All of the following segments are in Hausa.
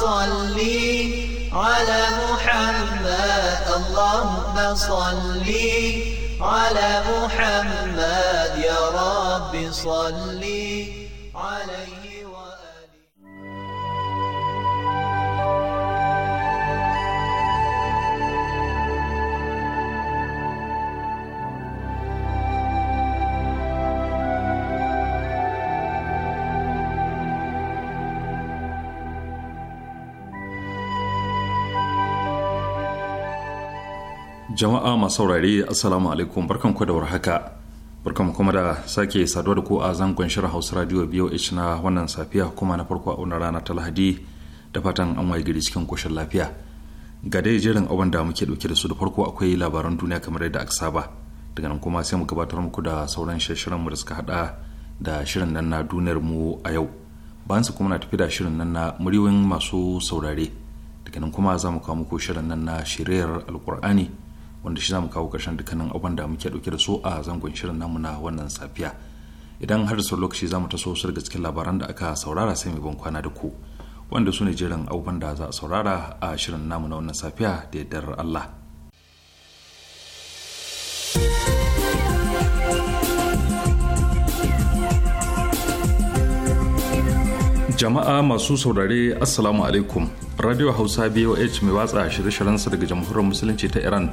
صل على محمد اللهم صل على محمد يا رب صلِّ jama'a masu saurare assalamu alaikum barkan ku da warhaka barkan kuma da sake saduwa da ku a zangon shirin hausa radio boh na wannan safiya kuma na farko a wannan rana ta lahadi da fatan an waye gari cikin koshin lafiya ga dai jerin abin da muke dauke da su da farko akwai labaran duniya kamar yadda aka saba daga nan kuma sai mu gabatar muku da sauran shirin mu da suka hada da shirin nan na duniyar mu a yau bayan su kuma na tafi da shirin nan na muryoyin masu saurare daga nan kuma za mu kawo muku shirin nan na shirayar alkur'ani wanda shi za mu kawo ƙarshen dukkanin abin da muke ɗauke da su a zangon shirin namu na wannan safiya idan har da lokaci za mu taso su daga cikin labaran da aka saurara sai mai ban kwana da ku wanda su ne jiran abubuwan da za a saurara a shirin namu na wannan safiya da yardar Allah. jama'a masu saurare assalamu alaikum radio hausa boh mai watsa shirye-shiryensa daga jamhuriyar musulunci ta iran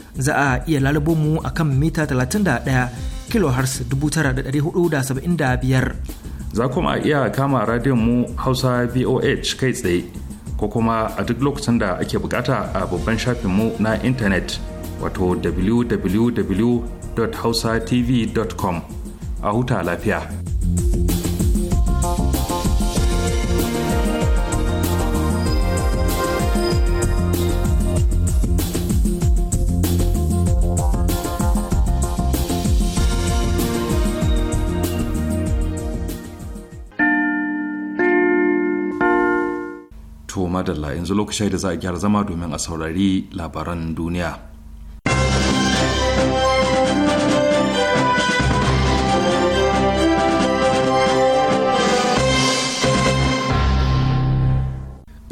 za a iya lalabo mu a kan mita 31 kilohertz biyar. Za kuma a iya kama radiyon mu Hausa VOH kai tsaye ko kuma a duk lokacin da ake bukata a babban shafin mu na intanet wato www.hausatv.com a huta lafiya. madalla yanzu lokacin da za a gyara zama domin a saurari labaran duniya.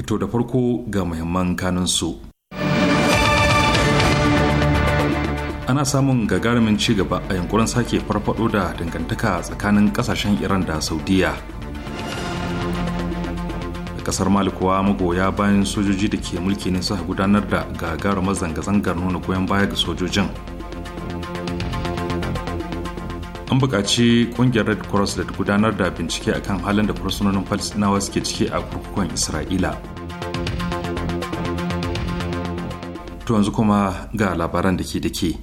Ito da farko ga muhimman kanunsu. Ana samun gagarumin ci gaba a yankuran sake farfado da dangantaka tsakanin kasashen Iran da Saudiya. kasar mali kuwa magoya bayan sojoji da ke mulki ne suka gudanar da gagarumar zanga-zangar nuna goyon baya ga sojojin an buƙaci ƙungiyar red cross da gudanar da bincike akan halin da fursunonin palestinawa suke ciki a kurkukun isra'ila to yanzu kuma ga labaran da ke da ke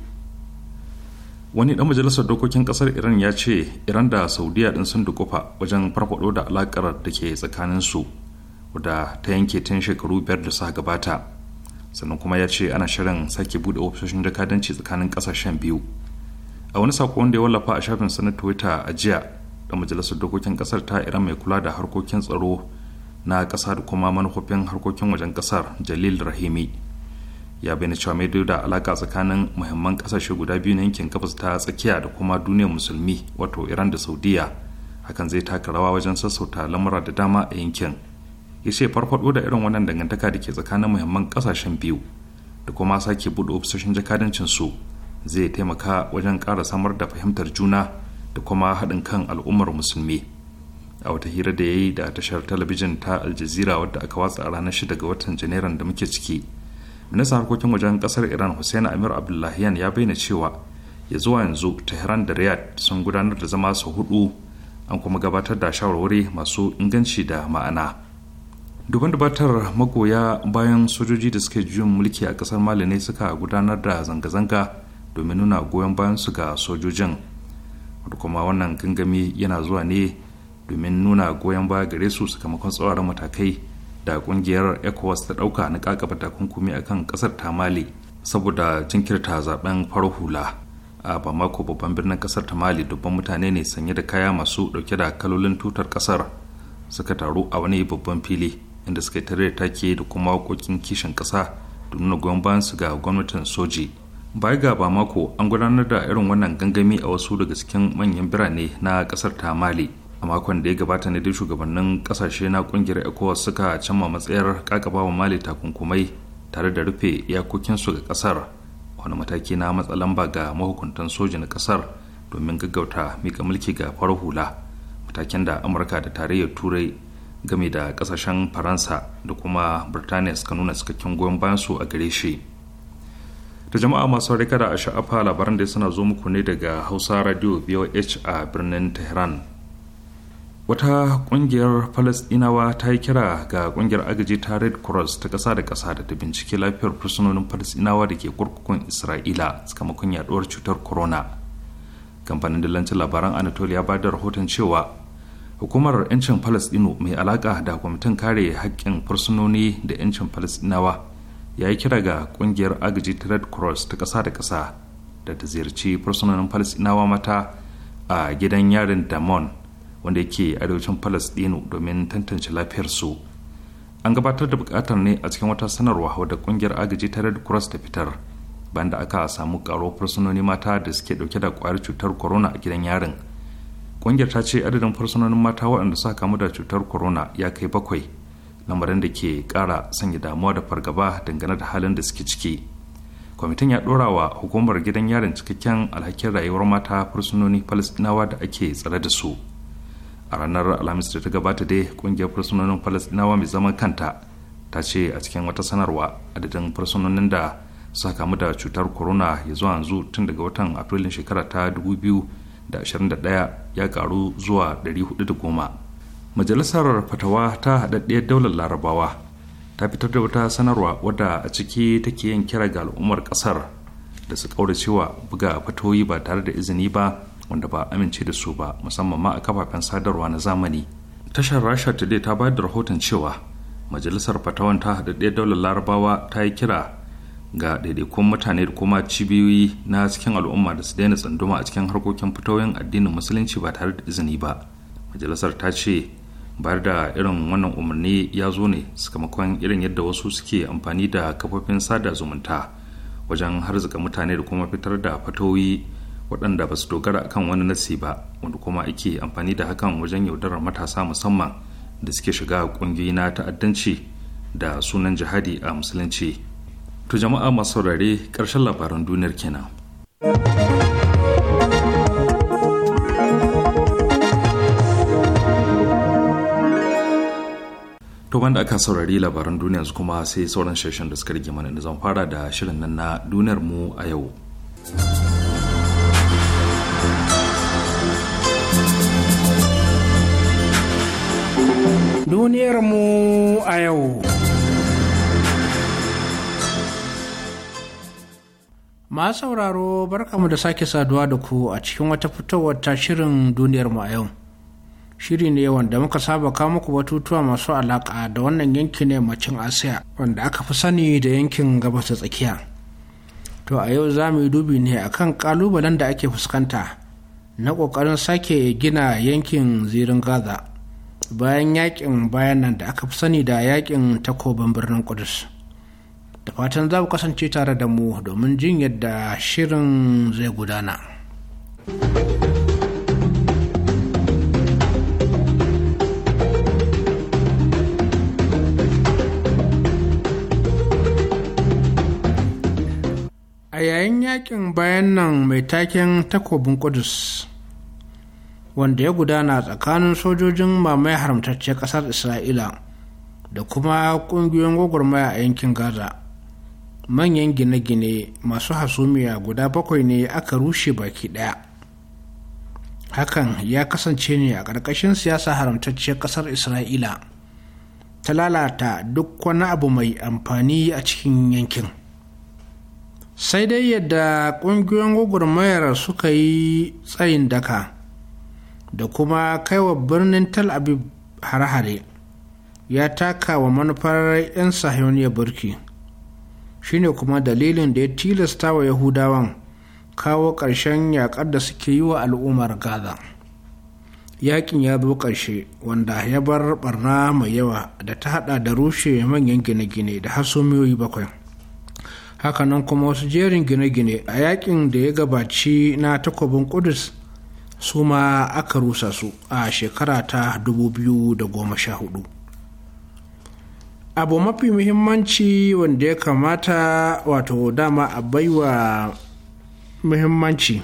wani dan majalisar dokokin kasar iran ya ce iran da saudiya din sun dukufa wajen farfado da alakar da ke tsakanin su. wadda ta yanke tun shekaru biyar da suka gabata sannan kuma ya ce ana shirin sake bude ofisoshin jakadanci tsakanin ƙasashen biyu a wani sako wanda ya wallafa a shafin sa na twitter a jiya da majalisar dokokin ƙasar ta iran mai kula da harkokin tsaro na ƙasa da kuma manufofin harkokin wajen ƙasar jalil rahimi ya bayyana cewa mai da alaka tsakanin muhimman ƙasashe guda biyu na yankin gabas ta tsakiya da kuma duniyar musulmi wato iran da saudiya hakan zai taka rawa wajen sassauta lamura da dama a yankin ya ce farfado da irin wannan dangantaka da ke tsakanin muhimman kasashen biyu da kuma sake buɗe ofisoshin jakadancin su zai taimaka wajen ƙara samar da fahimtar juna da kuma haɗin kan al'ummar musulmi a wata hira da ya yi da tashar talabijin ta aljazira wadda aka watsa a ranar shida ga watan janairun da muke ciki ministan harkokin wajen ƙasar iran hussein amir abdullahiyan ya bayyana cewa ya zuwa yanzu tehran da riyadh sun gudanar da zama su hudu an kuma gabatar da shawarwari masu inganci da ma'ana Duban dubatar magoya bayan sojoji da suke juyin mulki a kasar mali ne suka gudanar da zanga-zanga domin nuna goyon bayan su ga sojojin kuma wannan gangami yana zuwa ne domin nuna goyon baya gare su sakamakon tsawarar matakai da kungiyar ecowas ta dauka na kakaba takunkumi a kan kasar ta mali saboda jinkirta zaben farar hula a bamako babban birnin kasar ta mali dubban mutane ne sanye da kaya masu dauke da kalolin tutar kasar suka taru a wani babban fili inda suka yi tare da take da kuma waƙoƙin kishin kasa da nuna goyon bayan su ga gwamnatin soji baya ga ba mako an gudanar da irin wannan gangami a wasu daga cikin manyan birane na kasar ta mali a makon da ya gabata ne dai shugabannin kasashe na ƙungiyar ecowas suka canma matsayar kakabawa mali takunkumai tare da rufe iyakokinsu ga ƙasar wani mataki na matsalan ba ga mahukuntan soji na kasar domin gaggauta mika mulki ga farar hula matakin da amurka da tarayyar turai game da kasashen faransa da kuma birtaniya suka nuna cikakken goyon bayan su a gare shi da jama'a masu rika da a sha'afa labaran da suna zo muku ne daga hausa radio voh a birnin tehran wata kungiyar falasdinawa ta yi kira ga kungiyar agaji ta red cross ta kasa da kasa da ta bincike lafiyar fursunonin falasdinawa da ke kurkukun isra'ila sakamakon yaduwar cutar corona kamfanin dillancin labaran anatolia ba da rahoton cewa hukumar 'yancin falasdino mai alaka da kwamitin kare hakkin fursunoni da 'yancin falasdinawa ya yi kira ga ƙungiyar agaji ta red cross ta ƙasa da ƙasa da ta ziyarci fursunonin falasdinawa mata a gidan yarin damon wanda yake arewacin falasdino domin tantance lafiyarsu an gabatar da buƙatar ne a cikin wata sanarwa wadda ƙungiyar agaji ta red cross ta fitar banda aka samu ƙaro fursunoni mata da suke ɗauke da ƙwayar cutar corona a gidan yarin ƙungiyar ta ce adadin fursunonin mata waɗanda suka kamu da cutar corona ya kai bakwai lamarin da ke ƙara sanya damuwa da fargaba dangane da halin da suke ciki kwamitin ya ɗora wa hukumar gidan yarin cikakken alhakin rayuwar mata fursunoni falastinawa da ake tsare da su a ranar alhamis da ta gabata dai ƙungiyar fursunonin falastinawa mai zaman kanta ta ce a cikin wata sanarwa adadin fursunonin da suka kamu da cutar corona ya zuwa yanzu tun daga watan afrilun shekara ta dubu biyu. da 21 ya karu zuwa 410 majalisar fatawa ta haɗaɗɗiyar daular larabawa ta fitar da wata sanarwa wadda a ciki take yin kira ga al'ummar ƙasar da su ƙaura cewa buga fatoyi ba tare da izini ba wanda ba amince da su ba musamman ma a kafafen sadarwa na zamani tashar rasha today ta bayar da rahoton cewa majalisar fatawan ta haɗaɗɗiyar daular larabawa ta yi kira ga ɗaiɗaikun mutane da kuma cibiyoyi na cikin al'umma da su daina tsanduma a cikin harkokin fitoyin addinin musulunci ba tare da izini ba majalisar ta ce bayar da irin wannan umarni ya zo ne sakamakon irin yadda wasu suke amfani da kafofin sada zumunta wajen harzika mutane da kuma fitar da fatoyi waɗanda ba su dogara akan wani nasi ba wanda kuma ake amfani da hakan wajen yaudarar matasa musamman da suke shiga ƙungiyoyi na ta'addanci da sunan jihadi a musulunci To jama'a masu saurare ƙarshen labaran duniyar kenan. To wanda aka saurari labaran duniya kuma sai sauran shirin da suka rige mana da zan fara da shirin nan na duniyar mu a yau. Duniyar mu a yau. Ma sauraro barkamu da sake saduwa da ku a cikin wata fitowar ta shirin duniyar mu a yau. Shiri ne wanda muka saba kawo muku batutuwa masu alaƙa da wannan yanki ne macin Asiya wanda aka fi sani da yankin gabas ta tsakiya. To a yau za mu yi dubi ne akan ƙalubalen da ake fuskanta na ƙoƙarin sake gina yankin zirin Gaza bayan yakin bayanan da aka fi sani da yakin takobin birnin Kudus. da fatan za ku kasance tare da mu domin jin yadda shirin zai gudana. A yayin yakin bayan nan mai taken takobin Kudus wanda ya gudana tsakanin sojojin mamaye haramtacce ƙasar Isra'ila da kuma ƙungiyoyin gwagwarmaya a yankin Gaza. manyan gine-gine masu hasumiya guda bakwai ne aka rushe baki daya hakan ya kasance ne a ƙarƙashin siyasa haramtacciyar ƙasar isra'ila ta lalata duk wani abu mai amfani a cikin yankin sai dai yadda ƙungiyoyin gwagwarmayar suka yi tsayin daka da kuma kaiwa birnin Tal Abib hare-hare ya taka wa manufar 'yan sahiyoniyar burki shine kuma dalilin da ya tilasta wa yahudawan kawo ƙarshen yaƙar da suke yi wa al'ummar gaza yaƙin ya zo ƙarshe wanda ya bar barna mai yawa da ta hada da rushe manyan gine-gine da hasumiyoyi bakwai hakanan kuma wasu jerin gine-gine a yakin da ya gabaci na takobin kudus su ma aka rusa su a shekara ta 2014 abu mafi muhimmanci wanda ya kamata wato dama a baiwa muhimmanci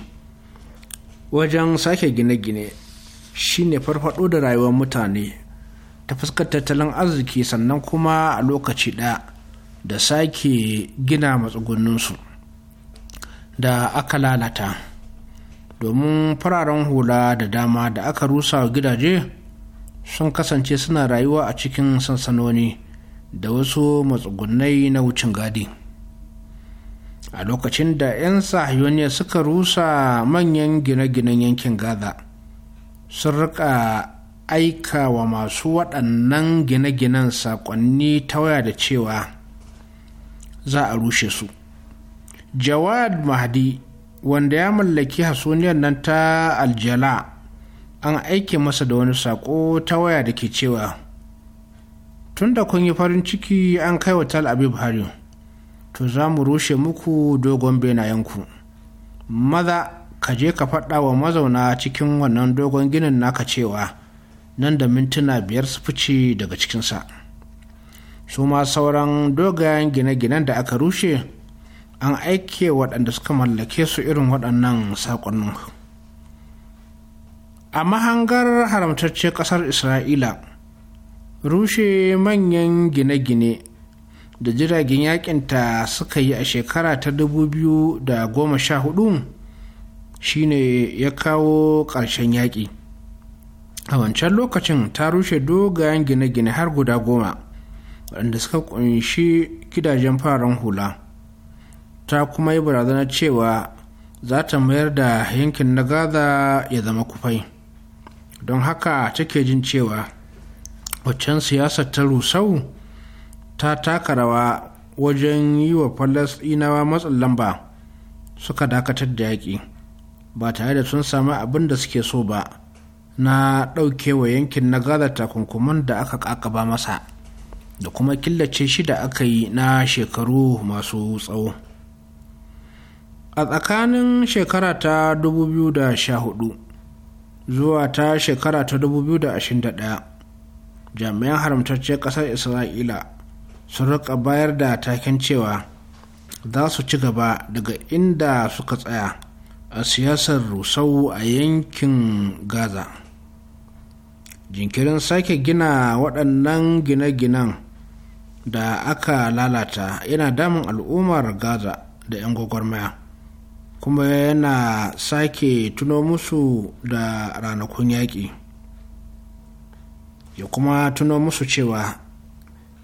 wajen sake gine-gine shine farfado da rayuwar mutane ta fuskar tattalin arziki sannan kuma a lokaci ɗaya da sake gina matsugunninsu da aka lalata domin fararen hula da dama da aka rusa gidaje sun kasance suna rayuwa a cikin sansanoni da wasu matsugunai na wucin gadi a lokacin da 'yan sahiyoniya suka rusa manyan gine-ginen yankin gaza sun rika aika wa masu waɗannan gine-ginen saƙonni ta waya da cewa za a rushe su jawad mahdi wanda ya mallaki hasuniyar nan ta aljala an aike masa da wani saƙo ta waya da ke cewa tun da kun yi farin ciki an kai wa tal abib hari to za mu rushe muku dogon benayenku maza ka je ka faɗa wa mazauna cikin wannan dogon ginin naka cewa nan da mintuna biyar su fice daga cikinsa su ma sauran dogayen gine-ginen da aka rushe an aike waɗanda suka mallake su irin waɗannan saƙonnin a mahangar haramtacce ƙasar isra'ila rushe manyan gine-gine da jiragen yakinta suka yi a shekara ta 2014 shine ya kawo ƙarshen yaƙi a wancan lokacin ta rushe dogayen gine-gine har guda goma waɗanda suka ƙunshi gidajen fararen hula ta kuma yi barazana cewa za ta mayar da yankin na gaza ya zama kufai don haka take jin cewa waccan siyasar ta rusau ta taka rawa wajen yi wa falasɗinawa matsin lamba suka dakatar da yaƙi ba tare da sun sami abin da suke so ba na ɗauke wa yankin na gaza takunkuman da aka ƙaƙaba masa da kuma killace shi da aka yi na shekaru masu tsawo a tsakanin shekara ta 2014 zuwa ta shekara ta 2021 jami'an haramtacciyar ƙasar isra'ila sun rika bayar da taken cewa za su ci gaba daga inda suka tsaya a siyasar rusau a yankin gaza jinkirin sake gina waɗannan gine-ginen da aka lalata yana damun al'ummar gaza da 'yan gwagwarmaya kuma yana sake tuno musu da ranakun yaƙi ya kuma tuno musu cewa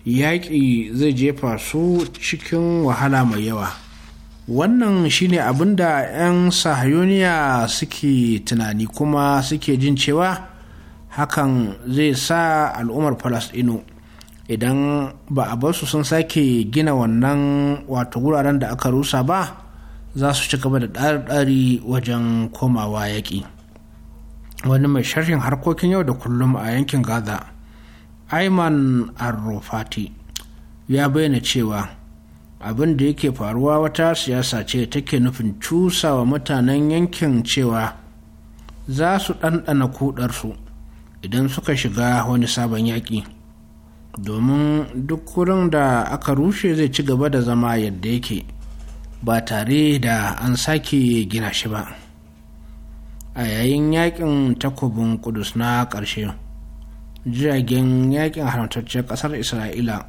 yaƙi zai jefa su cikin wahala mai yawa wannan shine abin da 'yan sahayoniya suke tunani kuma suke jin cewa hakan zai sa al'ummar falasɗinu idan ba a bar su sun sake gina wannan wato wuraren da aka rusa ba za su ci gaba da ɗari wajen komawa yaƙi. wani mai sharhin harkokin yau da kullum a yankin gaza ayman arrofati ya bayyana cewa abin da yake faruwa wata siyasa ce take nufin cusa wa mutanen yankin cewa za su ɗanɗana kudarsu idan suka shiga wani sabon yaƙi domin duk wurin da aka rushe zai ci gaba da zama yadda yake ba tare da an sake gina shi ba. a yayin yakin takobin kudus na ƙarshe jiragen yakin haramtaccen ƙasar isra'ila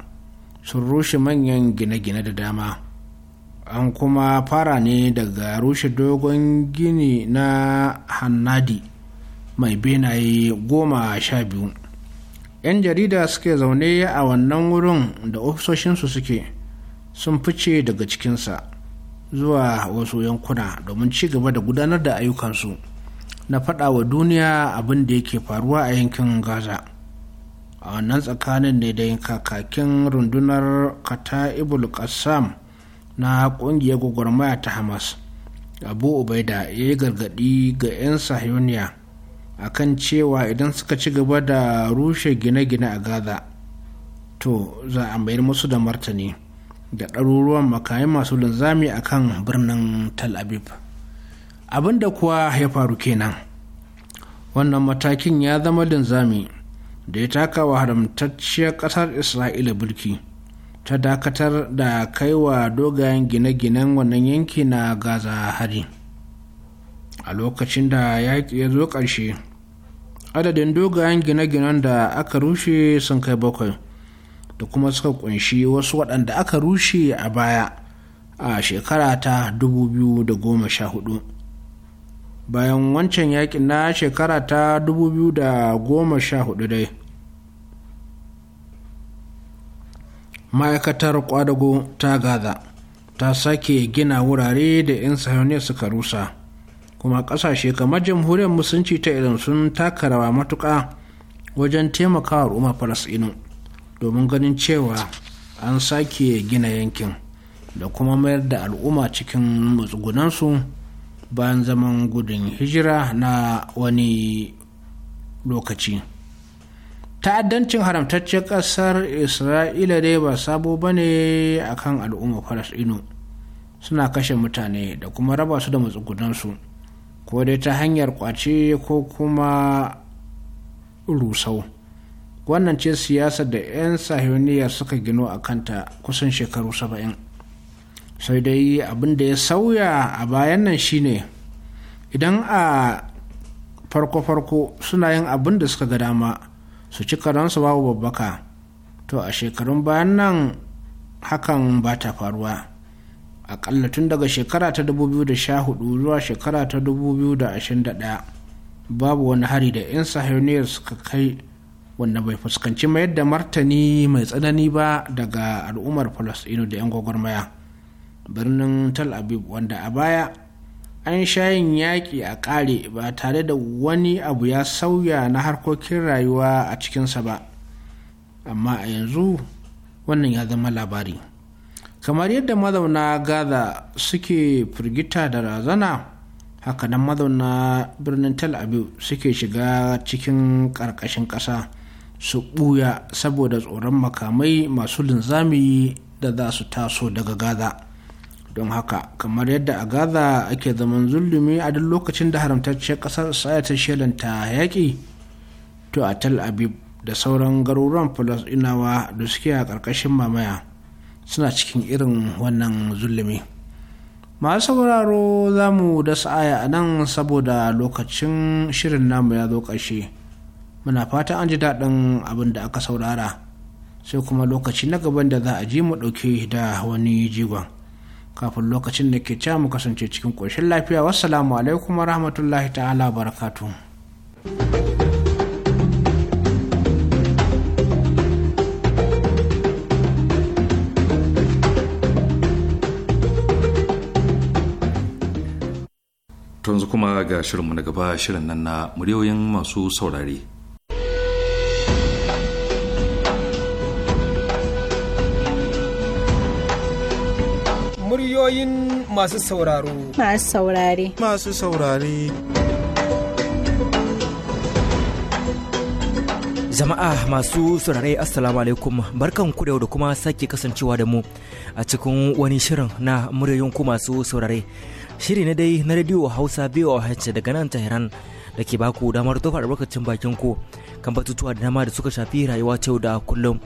sun rushe manyan gine-gine da dama an kuma fara ne daga rushe dogon gini na hannadi mai benaye goma sha biyu 'yan jarida suke zaune a wannan wurin da ofisoshinsu suke sun fice daga cikinsa zuwa wasu yankuna domin ci gaba da gudanar da ayyukansu na faɗa wa duniya abin da yake faruwa a yankin gaza a wannan tsakanin ne da kakakin rundunar kata ibul qassam na ƙungiyar gwagwarmaya ta hamas abu ubaida ya yi gargaɗi ga 'yan sahiyoniya kan cewa idan suka ci gaba da rushe gine-gine a gaza to za a mayar musu da martani da ɗaruruwan makamai masu linzami a kan birnin Tal Abib. abin da kuwa ya faru kenan wannan matakin ya zama linzami da ya taka wa haramtacciyar ƙasar isra'ila bulki ta dakatar da kaiwa dogayen gine-ginen wannan yanki na gaza hari a lokacin da yaƙi ya zo ƙarshe adadin dogayen gine-ginen da aka rushe sun kai bakwai da kuma suka kunshi wasu waɗanda aka rushe a baya a shekara ta 2014 bayan wancan yakin na shekara ta 2014 dai ma'aikatar kwadago ta gaza ta sake gina wurare da 'yan sahiyoniya suka rusa kuma kasashe kamar jamhuriyar musulunci ta irin sun taka rawa matuƙa wajen taimakawa al'umma falasɗinu domin ganin cewa an sake gina yankin da kuma mayar da al'umma cikin matsugunansu bayan zaman gudun hijira na wani lokaci ta'addancin haramtaccen ƙasar isra'ila dai ba sabo ba ne a kan al'ummar falasɗinu suna kashe mutane da kuma raba su da matsugunansu ko dai ta hanyar kwace ko kuma rusau wannan ce siyasar da 'yan sahiyoniya suka gino a kanta kusan shekaru saba'in sai dai abin da ya sauya a bayan nan shine idan a farko-farko suna yin abin da suka ga dama su ci karansu babu babbaka to a shekarun bayan nan hakan ba ta faruwa akalla tun daga shekara ta 2014 zuwa shekara ta 2021 babu wani hari da 'yan sahiyar suka kai wanda bai fuskanci mayar da martani mai tsanani ba daga al'ummar falasɗinu da 'yan gwagwarmaya birnin tel aviv wanda a baya an shayin yaƙi a ƙare ba tare da wani abu ya sauya na harkokin rayuwa a cikinsa ba amma a yanzu wannan ya zama labari kamar yadda mazauna gaza suke firgita da razana hakanan mazauna birnin tel aviv suke shiga cikin ƙarƙashin ƙasa su ɓuya saboda tsoron makamai masu linzami da za su taso daga gaza don haka kamar yadda a gaza ake zaman zulumi a duk lokacin da haramtacciyar ƙasar saya ta shelanta yaƙi to a tel aviv da sauran garuruwan inawa da suke a ƙarƙashin mamaya suna cikin irin wannan zulumi masu sauraro za mu da sa'aya a nan saboda lokacin shirin namu ya zo ƙarshe muna fata an ji daɗin abin da aka saurara sai kuma lokaci na gaban da za a ji mu ɗauke da wani jigon. kafin lokacin da ke ca mu kasance cikin ƙoshin lafiya wassalamu alaikum wa rahmatullahi ta'ala barakatu. tunzu kuma ga shirinmu na gaba shirin nan na muryoyin masu saurare Ra'ayoyin masu sauraro. Masu saurare. Masu saurare. Jama'a masu saurare Assalamu alaikum barkan ku da kuma sake kasancewa da mu a cikin wani shirin na muryoyin ku masu saurare. Shiri na dai na rediyo Hausa BOH daga nan Tehran da ke baku damar tofa albarkacin bakin ku kan batutuwa da dama da suka shafi rayuwa ta da kullum.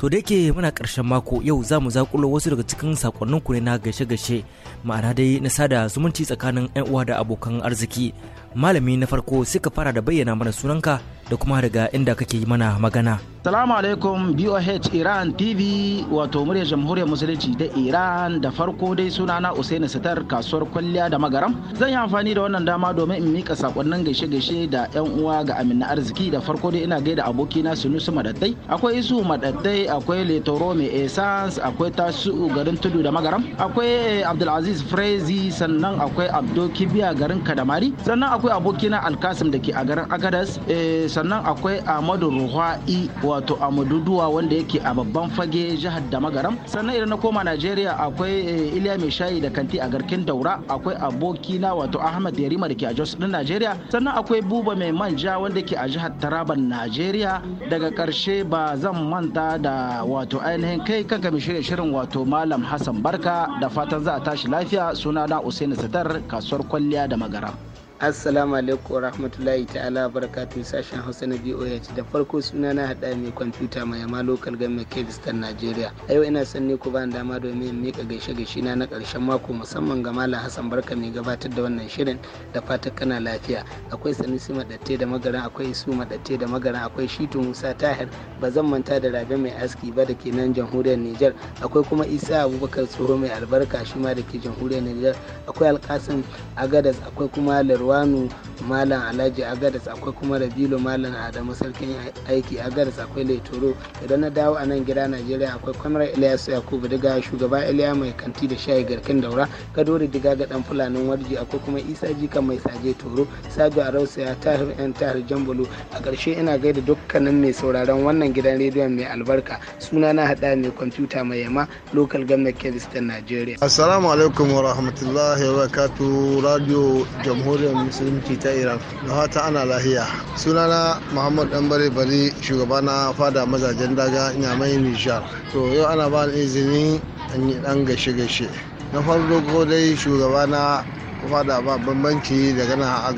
To da yake muna ƙarshen mako yau za mu zakulo wasu daga cikin sakonnin ku ne na gaishe gashe ma'ana dai na sada zumunci tsakanin 'yan uwa da abokan arziki. Malami na farko sai ka fara da bayyana mana sunanka da kuma daga inda kake yi mana magana. Salamu alaikum BOH Iran TV wato muryar jamhuriyar musulunci da Iran da farko dai sunana Usaini Sitar kasuwar kwalliya da magaram. Zan yi amfani da wannan dama domin in mika sakonnin gaishe-gaishe da yan uwa ga amina arziki da farko dai ina gaida abokina Sunusu Madattai. Akwai Isu Madattai, akwai Letoro Mai Essence, akwai Tasu garin Tudu da magaram, akwai eh, Abdulaziz Frezi sannan akwai Abdo Kibiya garin Kadamari, sannan akwai abokina Alkasim da ke a garin Agadas, eh, sannan akwai Ahmadu Ruha'i wato a maduduwa wanda yake a babban fage jihar da sannan idan na koma najeriya akwai eh, iliya mai shayi da kanti a garkin daura akwai aboki na wato ahmad yarima da ke a jos din najeriya sannan akwai buba mai manja wanda ke a jihar taraban najeriya daga karshe ba zan manta da wato ainihin kai kanka mai shirya shirin wato malam hassan barka da fatan za a tashi lafiya suna na usaini sitar kasuwar kwalliya da magaram assalamu alaikum rahmatullahi ta'ala barakatu sashen hausa na boh da farko suna na hada mai kwamfuta mai yama local government kebistan nigeria a yau ina son ne ku ba dama domin in mika gaishe gaishe na na karshen mako musamman ga malam hassan barka mai gabatar da wannan shirin da fatan kana lafiya akwai sanusi madatte da magaran akwai isu madatte da magaran akwai shitu musa tahir ba zan manta da rabe mai aski ba da ke nan jamhuriyar niger akwai kuma isa abubakar tsoro mai albarka shi ma da ke jamhuriyar niger akwai alkasim agadas akwai kuma larwa lawanu malam alhaji agadas akwai kuma rabilu malam adamu sarkin aiki agadas akwai laitoro idan na dawo a nan gida najeriya akwai kwamar ilyasu yakubu daga shugaba iliya mai kanti da shayi garkin daura kadori diga ga dan fulanin warji akwai kuma isa jika mai saje toro sajo arausa ya tahir yan tahir jambulu a ƙarshe ina gaida dukkanin mai sauraron wannan gidan rediyon mai albarka suna na hada mai kwamfuta mai yama local government kiristan najeriya assalamu alaikum wa rahmatullahi wa barakatuh radio jamhuriyar musulunci ta iran da fata ana lahiya sunana muhammad dan bare bari shugaba na fada mazajen daga nyamai nijar to yau ana ba ni izini an yi dan gashe gashe na farko dai shugaba na fada ba bambanci daga a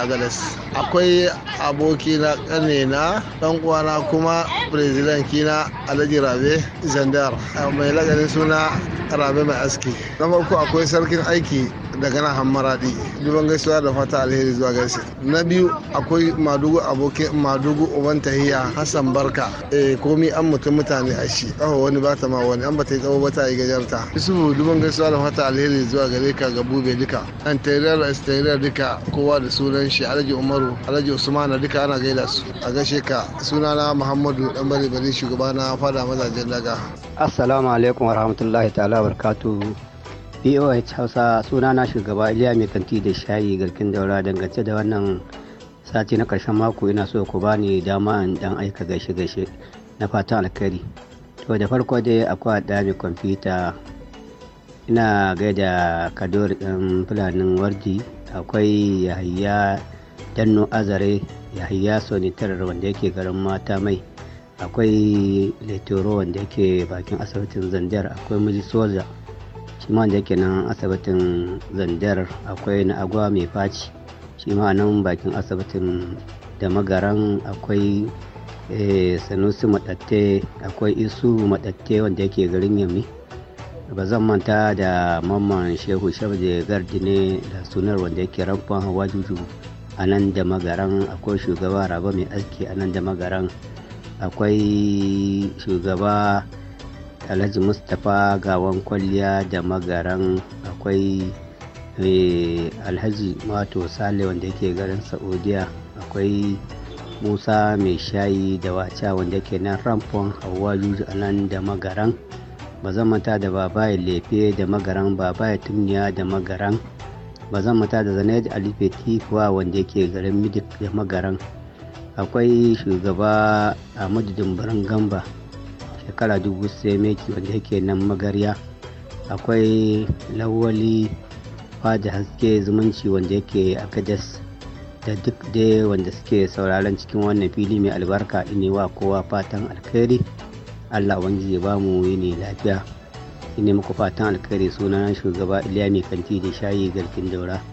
agadas akwai aboki na kane na dan uwana kuma brazilian kina alaji rabe zandar mai lagarin suna rabe mai aski na farko akwai sarkin aiki daga nan hammaradi duban gaisuwa da fata alheri zuwa gaishe na biyu akwai madugu abokin madugu uban tahiya hassan barka eh komi an mutum mutane a shi aho wani ba ta ma wani an ba ta yi tsawo ba ta yi gajarta isufu duban gaisuwa da fata alheri zuwa gare ka ga bube duka an tayyar istayyar duka kowa da sunan shi alhaji umaru alhaji usman duka ana gaida su a gaishe ka sunana muhammadu dan bari bari shugaba na fada mazajen daga assalamu alaikum warahmatullahi ta'ala barkatu boh hausa suna na shugaba iliya mai kanti da shayi garkin daura dangance da wannan sati na karshen mako ina so ku bani dama in dan aika gaishe gaishe na fatan alkhairi to da farko dai akwai da mai kwamfuta ina gaida kadori ɗin fulanin wardi akwai yahaya danno azare yahaya sonitar wanda yake garin mata mai akwai letoro wanda yake bakin asibitin zandar akwai miji kuma da yake nan asibitin zandar akwai na agwa mai faci shi ma nan bakin asibitin da magaran akwai eh, sanusi matatte akwai isu matatte wanda yake garin yammi ba zan manta da mamman shehu shabda gardi ne da sunar wanda yake ramfan hawa juju a nan da magaran akwai shugaba raba mai aski a nan da magaran akwai shugaba alhaji mustapha gawan kwalliya da magaran akwai eh, alhaji mato sale wanda yake garin saudiya akwai musa mai shayi da wacha wanda yake nan ramfon hawa juju a nan da magaran ba zan manta da babaye lefe da magaran babaye tumniya da magaran ba zan manta da zanaid alife tifuwa wanda yake garin midik da magaran akwai shugaba a madadin gamba shekara dubu sai meki wanda yake nan magarya akwai lawali fada haske zumunci wanda yake akadas da duk dai wanda suke sauraron cikin wannan fili mai albarka ne wa kowa fatan alkhairi allah wani ya ba mu yini lafiya ne muku fatan alkhairi sunana shugaba iliya mai kanti da shayi garkin daura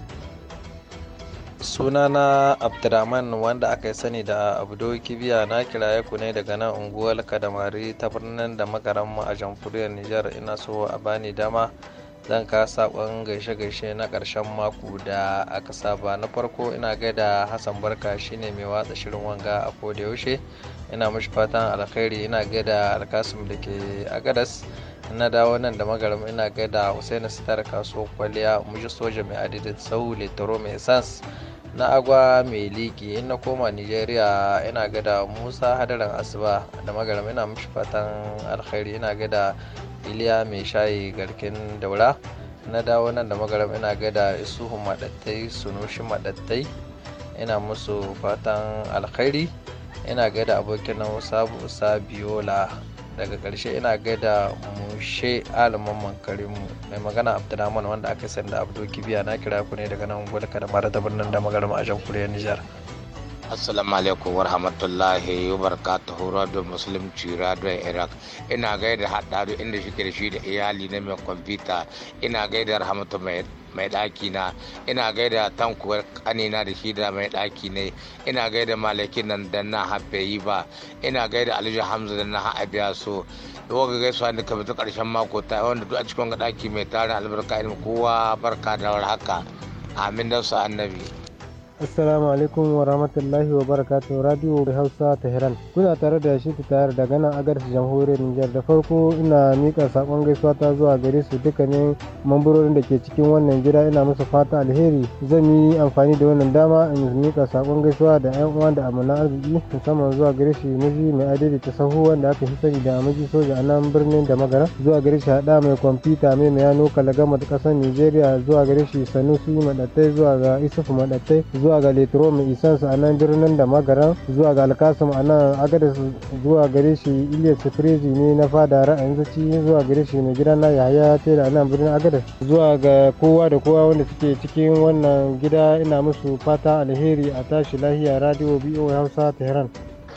sunana abdulrahman wanda aka yi sani da abdo kibiya na kiraye ku ne daga nan unguwar kadamari ta birnin da mu a jamhuriyar nijar ina so a bani dama zan ka sakon gaishe-gaishe na ƙarshen mako da aka saba na farko ina gaida hassan barka shine mai watsa shirin wanga a koda yaushe ina mashi fatan alkhairi ina gaida alkasim da ke agadas na dawo nan da magarin ina gaida Hussein Sitar kasuwar kwaliya muji soja mai adidin sau litoro mai sans na agwa mai liki in na koma nigeria ina da musa hadarin asuba da magarin ina mishi fatan alkhairi ina da iliya mai shayi garkin daura na dawo nan da magarin ina da isuhu madattai sunushi madattai ina musu fatan alkhairi ina gada abokin nan sabu sabiola. daga karshe ina gaida mushe aliman karimu mai magana abdulrahman wanda aka sanda abdo kibiya na kira ku ne daga nan gwalka da mara da birnin da magarma a jamhuriyar nijar assalamu alaikum wa rahmatullahi wa da radio musulunci radio iraq ina gaida haɗaru inda shi da shi da iyali na mai kwamfuta ina gaida rahmatu mai mai ɗaki na ina gaida tankuwar kanina da shi da mai ɗaki ne ina gaida malakin nan da na haɓe yi ba ina gaida alhaji hamza da na haɓe so yau gaisuwa da kamar ƙarshen mako ta wanda duk a cikin ɗaki mai tarin albarka ilmi kowa barka da haka amin da su annabi Assalamu alaikum wa rahmatullahi wa barakatuh Radio Hausa Tehran. Kuna tare da shi ta tayar daga a garsu jamhuriyar Nijar da farko ina mika sakon gaisuwa ta zuwa gare su dukkanin mamburorin da ke cikin wannan gida ina musu fata alheri. Zan yi amfani da wannan dama in mika sakon gaisuwa da yan uwa da amana arziki musamman zuwa gare shi miji mai adadi ta sahu wanda aka fi sani da miji soja a nan birnin da magara zuwa gare shi hada mai kwamfuta mai mai yano kalagama ta kasar Nijeriya zuwa gare shi Sanusi maɗatai zuwa ga Isufu zuwa ga letro mai isansu a nan birnin da magaran zuwa ga alkasim a nan agadis zuwa gare shi iliya sifirizi ne na fada ra'ayin zaci zuwa gare shi mai gida na yahaya ce da nan birnin agadis zuwa ga kowa da kowa wanda suke cikin wannan gida ina musu fata alheri a tashi lahiya radio bo hausa tehran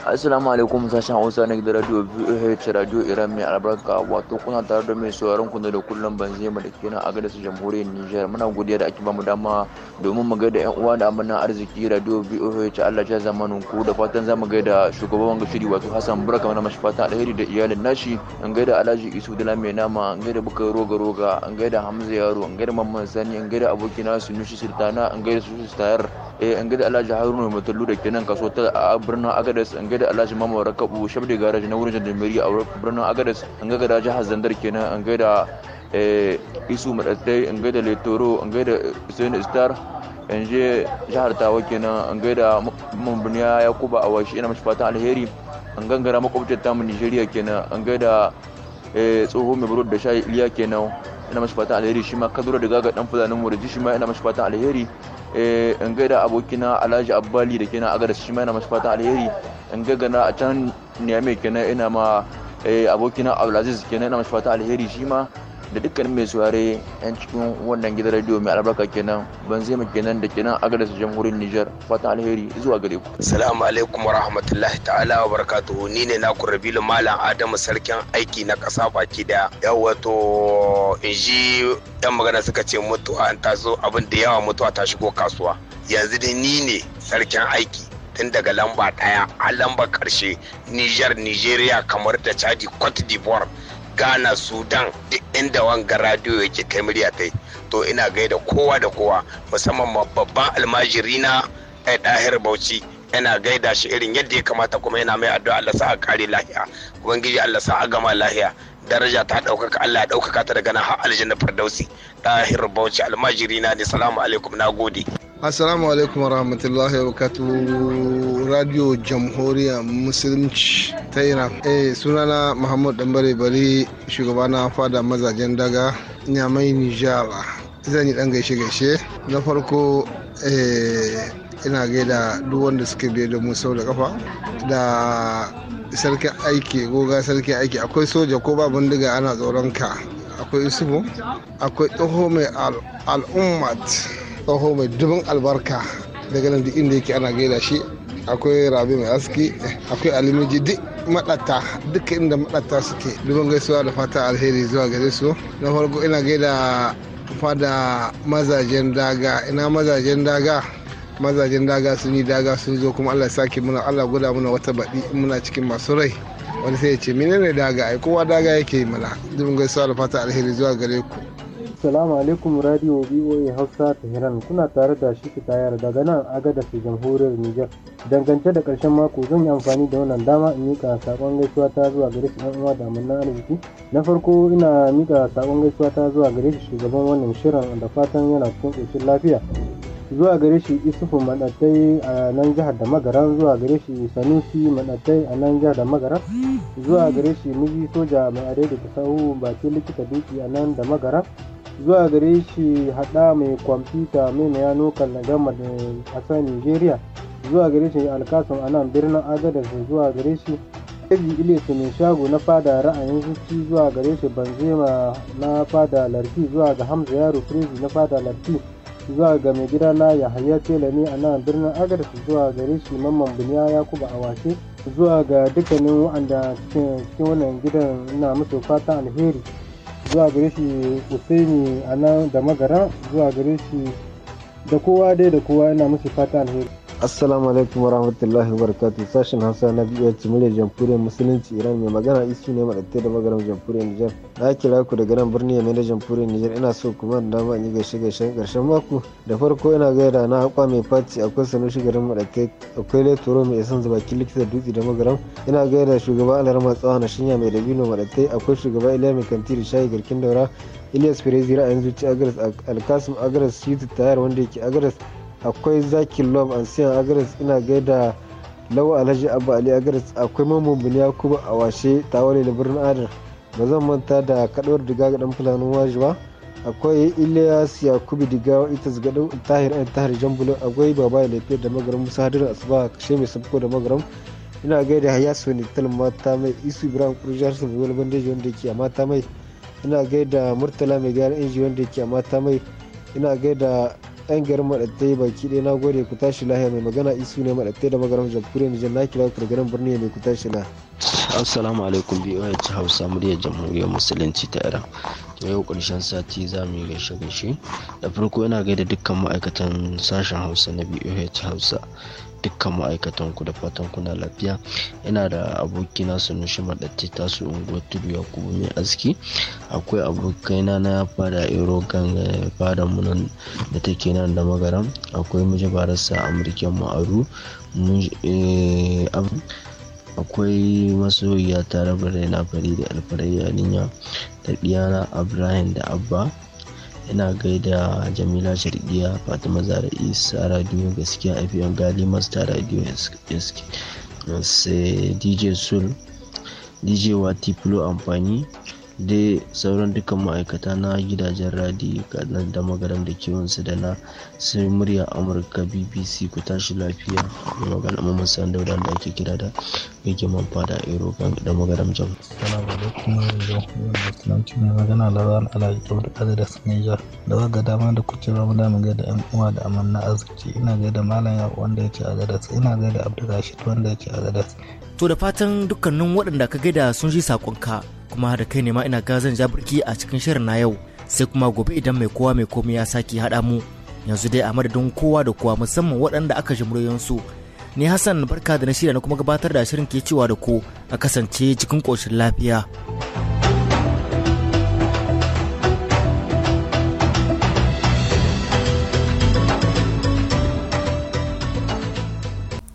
Assalamu alaikum sashen Hausa na gidan radio VOH radio Iran mai albarka wato kuna tare da mai sauraron ku da kullum ban zai da kenan a gadasa jamhuriyar Nijar muna godiya da ake bamu dama domin mu gaida yan uwa da amana arziki radio VOH Allah ya zamanu ku da fatan zamu gaida shugaban wanga shiri wato Hassan Buraka mana mashi fatan alheri da iyalin nashi an gaida Alhaji Isu Dala mai nama an gaida Bukar Roga Roga an gaida Hamza Yaro an gaida Mamman Sani an gaida abokina Sunushi Sultana an gaida Sunushi Tayar eh an gaida Alhaji Haruna Mutallu da kenan kaso ta a birnin Agadez gaida alhaji mama rakabu shabda garaji na wurin jandarmeri a birnin agadas an gaida jihar zandar kenan an gaida eh, isu madaddai an gaida letoro an gaida usaini star an je jihar tawa kenan an gaida mambuniya kuba a washi ina mashi fatan alheri an gangara makwabtar tamu nigeria kenan an gaida eh, tsohon mai burod da shayi iliya kenan ina mashi fatan alheri shi ma kadura da gaga dan fulani mu eh, shi ma ina mashi fatan alheri in gaida abokina alhaji abbali da kenan agar shi ma ina mashi fatan alheri in gana a can mai kenan ina ma eh, abokina abdulaziz kenan ina mashi fatan alheri shi ma da dukkanin mai saurare yan cikin wannan gidan radio mai albarka kenan ban zai mu kenan da kenan agadar jamhuriyar Nijar fata alheri zuwa gare ku assalamu alaikum warahmatullahi ta'ala wa barakatuhu ni ne naku Rabilu Malam Adamu sarkin aiki na kasa baki da yawa inji yan magana suka ce mutuwa an taso abin da yawa mutuwa ta shigo kasuwa yanzu dai ni ne sarkin aiki tun daga lamba ɗaya a lamba karshe Nijar, Nijeriya kamar da Chadi, Cote d'Ivoire ghana sudan duk inda wanga radio yake kai murya kai to ina gaida kowa da kowa musamman babban almajirina na ɗahir eh, bauchi yana gaida shi irin yadda ya kamata kuma yana mai addu'a Allah sa a kare lahiya ubangiji Allah sa a gama lahiya daraja ta ɗaukaka Allah ya ɗaukaka ta daga nan har aljanna firdausi ɗahir bauchi almajiri na ne salamu alaikum na gode assalamu alaikum warahmatullahi wabarakatuh radio jamhuriya musulunci ta iran eh sunana muhammad dambare bari shugaba na fada mazajen daga nyamai nijara zan yi dan gaishe gaishe na farko eh ina gaida duk wanda suka biye da mu da kafa da sarki aiki goga sarki aiki akwai soja ko ba bindiga ana tsoron ka akwai isubu akwai tsoho mai al'ummat tsoho mai dubin albarka daga nan duk inda yake ana gaida shi akwai rabi mai aski akwai alimiji duk maɗata duka inda maɗata suke dubin gaisuwa da fata alheri zuwa gare su na farko ina gaida fada mazajen daga ina mazajen daga mazajen daga sun yi daga sun zo kuma allah sake muna allah guda muna wata baɗi muna cikin masu rai wani sai ya ce menene daga ai kowa daga yake mana dubin gaisuwa da fata alheri zuwa gare ku Assalamu alaikum Radio BOA Hausa Tehran kuna tare da shi tayar daga nan da su jamhuriyar Nijar. Dangance da karshen mako zan yi amfani da wannan dama in mika sakon gaisuwa ta zuwa gare shi ɗan uwa da munna arziki. Na farko ina mika sakon gaisuwa ta zuwa gare shi shugaban wannan shirin da fatan yana cikin ƙoshin lafiya. Zuwa gare shi Isufu Maɗattai a nan jihar da Magaran zuwa gare shi Sanusi Maɗattai a nan jihar da Magaran zuwa gare shi Miji Soja Mai Are da Tasahu Bakin Likita Duki a nan da Magaran zuwa gare shi hada mai kwamfuta mai yano gama da kasar nigeria zuwa gare shi alkasan anan birnin da zuwa gare shi Eji mai shago na fada ra'ayin zuci zuwa gare shi Banzema na fada larki zuwa ga Hamza Yaro firiji na fada larki zuwa ga mai gida na Yahaya Tela ne a nan birnin Agadez zuwa gare shi Mamman Buniya ya a Awake zuwa ga dukkanin waɗanda cikin wannan gidan na musu fatan alheri. zuwa gare shi usaini a nan da magara zuwa gare shi da kowa dai da kowa yana musu fata alheri assalamu alaikum warahmatullahi wabarakatuh sashen hausa na biyu wacce murya jamhuriyar musulunci iran mai magana isu ne maɗatte da magaram jamhuriyar nijar na kira ku daga nan birni mai da jamhuriyar nijar ina so kuma da dama in yi gaishe gaishen ƙarshen mako da farko ina gaida na akwa mai faci akwai shugaban garin maɗatte akwai a mai isan bakin likita dutse da magaram ina gaida shugaba alarma tsawa na shinya mai dabino maɗatte akwai shugaba iliya mai kantiri shayi garkin daura ilyas firezi ra'ayin zuci agaras alkasim agaras yutu tayar wanda yake agaras akwai zaki lom an siyan agres ina gaida lawa alhaji abba ali agres akwai ya yakubu a washe tawale da birnin adar ba zan manta da kaɗuwar diga ga dan fulanin waji ba akwai ilyas yakubu diga ita gaɗin tahir an tahir jambulo akwai baba lafiya da magaram musa hadirin asuba kashe mai sabko da magaram ina gaida haya sonital mata mai isu ibrahim kurjar sun wani bandeji wanda ke a mata mai ina gaida murtala mai gyara inji wanda ke a mata mai ina gaida yan garin maɗattai baki ɗaya na gode ku tashi lahiya mai magana isu ne maɗattai da magaram jamhuriyar nijar na kira ku garin birni mai ku tashi lahiya. assalamu alaikum biyu hausa muryar jamhuriyar musulunci ta iran to yau ƙarshen sati za mu yi gaishe gaishe da farko yana gaida dukkan ma'aikatan sashen hausa na biyu hausa dukkan ma'aikatan ku da fatan kuna lafiya ina da abokina sunushi ta su unguwar tudu ya kuma mai aski akwai abokaina na fada erogan fada mu da take nan da magaram akwai mujabararsa amurken ma'aru eh, akwai masoyiya tare da na fari da alfarai yarinya da diyana ibrahim da abba ina gaida jamila shirgiya fatima zara isa radio gaskiya afiyan gali master radio sk sai dj sul dj wati amfani dai sauran dukkan ma'aikata na gidajen radi kaɗan da magaram da kewansu da na sun murya amurka bbc ku tashi lafiya mai magana mamman sanda da ake kira da yake man fada a aeroban da magaram jam. Salamu alaikum wa rahmatullahi wa magana labaran alaji da kaza da sanija da zaga dama da kuke ba mu da mu da yan uwa da amanna arziki ina da malam ya wanda ya ce a gadas ina da abdulrashid wanda ya ce a gadas. To da fatan dukkanin waɗanda ka gaida sun ji sakonka. kuma da kai ne ma ina ga zan ja birki a cikin shirin na yau sai kuma gobe idan mai kowa mai komai ya sake haɗa mu yanzu dai a madadin kowa da kowa musamman waɗanda aka ji muryoyinsu ni hassan barka da na shirya na kuma gabatar da shirin ke cewa da ku a kasance cikin ƙoshin lafiya.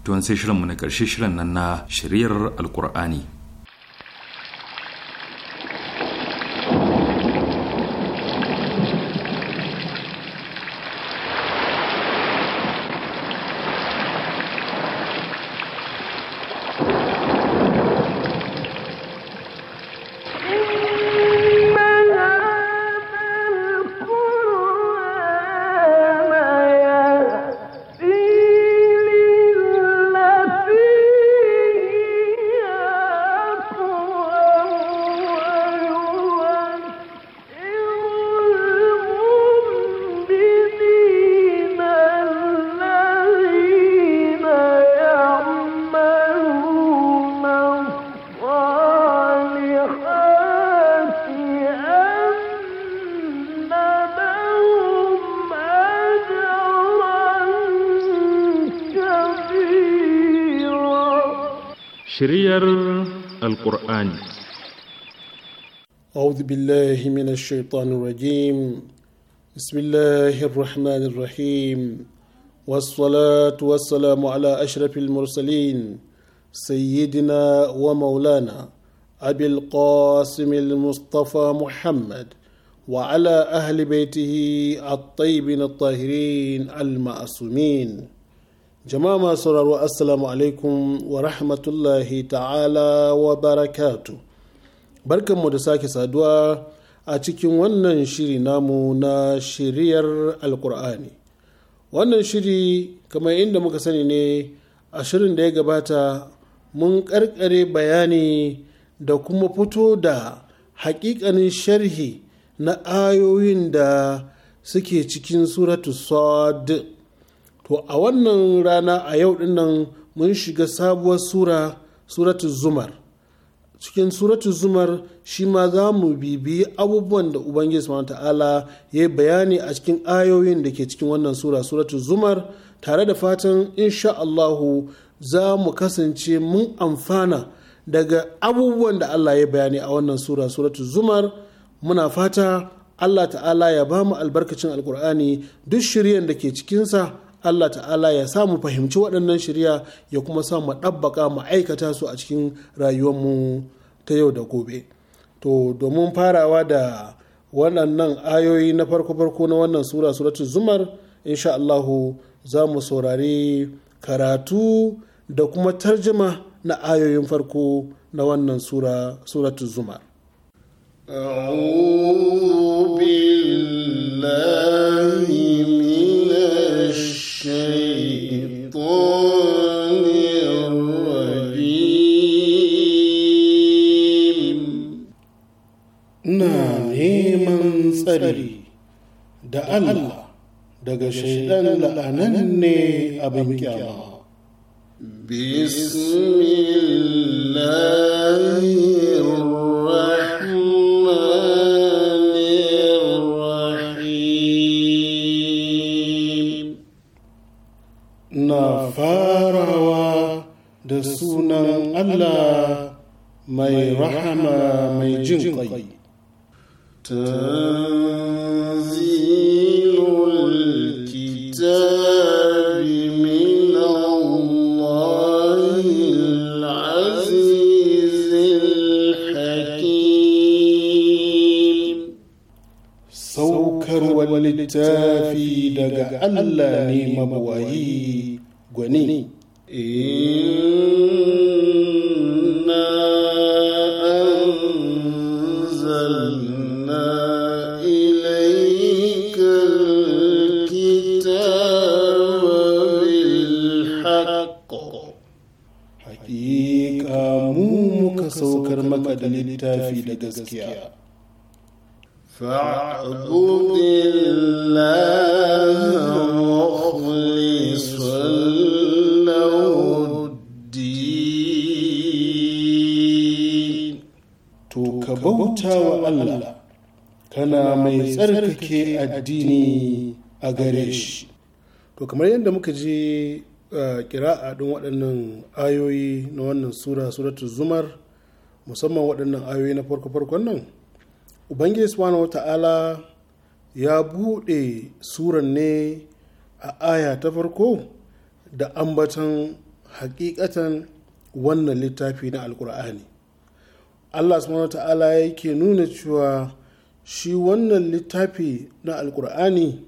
tuwan sai mu na ƙarshe shirin nan na shiryar alkur'ani أعوذ بالله من الشيطان الرجيم بسم الله الرحمن الرحيم والصلاة والسلام على أشرف المرسلين سيدنا ومولانا أبي القاسم المصطفى محمد وعلى أهل بيته الطيبين الطاهرين المعصومين جماعة سرر السلام عليكم ورحمة الله تعالى وبركاته barkanmu da sake saduwa a cikin wannan shiri namu na shiriyar alkur'ani wannan shiri kamar inda muka sani ne a shirin da ya gabata mun karkare bayani da kuma fito da hakikanin sharhi na ayoyin da suke cikin suratu sad to a wannan rana a yau dinnan mun shiga sabuwar sura suratu zumar cikin suratu zumar shi ma za mu bibi abubuwan da ubangiji subhanahu ta'ala ya yi bayani a cikin ayoyin da ke cikin wannan sura suratu zumar tare da fatan insha Allahu za mu kasance mun amfana daga abubuwan da Allah ya bayani a wannan sura suratu zumar muna fata Allah ta'ala ya ba mu albarkacin alkur'ani duk shiryen da ke cikinsa Allah ta'ala ya samu fahimci waɗannan shirya ya kuma sa samu ɗabbaka ma'aikata su a cikin rayuwarmu ta yau da gobe to domin farawa da waɗannan ayoyi na farko-farko na wannan sura suratu zumar insha Allahu za mu saurari karatu da kuma tarjima na ayoyin farko na wannan sura suratu zumar أعوذ بالله الشيطان الرجيم نعيما سري دا الله دا شيطان لانني ابن كيما بسم الله ألا ما رحم ما يجن قي تنزيل الكتاب من الله العزيز الحكيم سوكر والتافي دقع الله نيم بوهي غني إيه da littafi da gaskiya فاعبد الله kana mai tsarkake addini a gare shi. To kamar yadda muka ji eh, kira'a ɗin waɗannan ayoyi na wannan sura zumar musamman waɗannan ayoyi na farko-farkon nan ubangiji subhanahu wata'ala ya buɗe suran ne a aya ta farko da ambatan hakikatan wannan littafi na alkur'ani allah subhanahu wata'ala yake nuna cewa shi wannan littafi na alkur'ani